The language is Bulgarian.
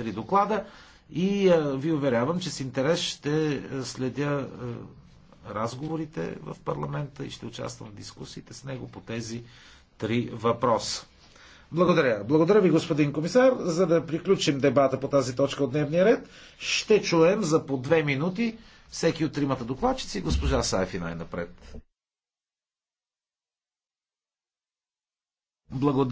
три доклада и ви уверявам, че с интерес ще следя разговорите в парламента и ще участвам в дискусиите с него по тези три въпроса. Благодаря. Благодаря ви, господин комисар. За да приключим дебата по тази точка от дневния ред, ще чуем за по две минути всеки от тримата докладчици, госпожа Сайфи най-напред. Благодаря.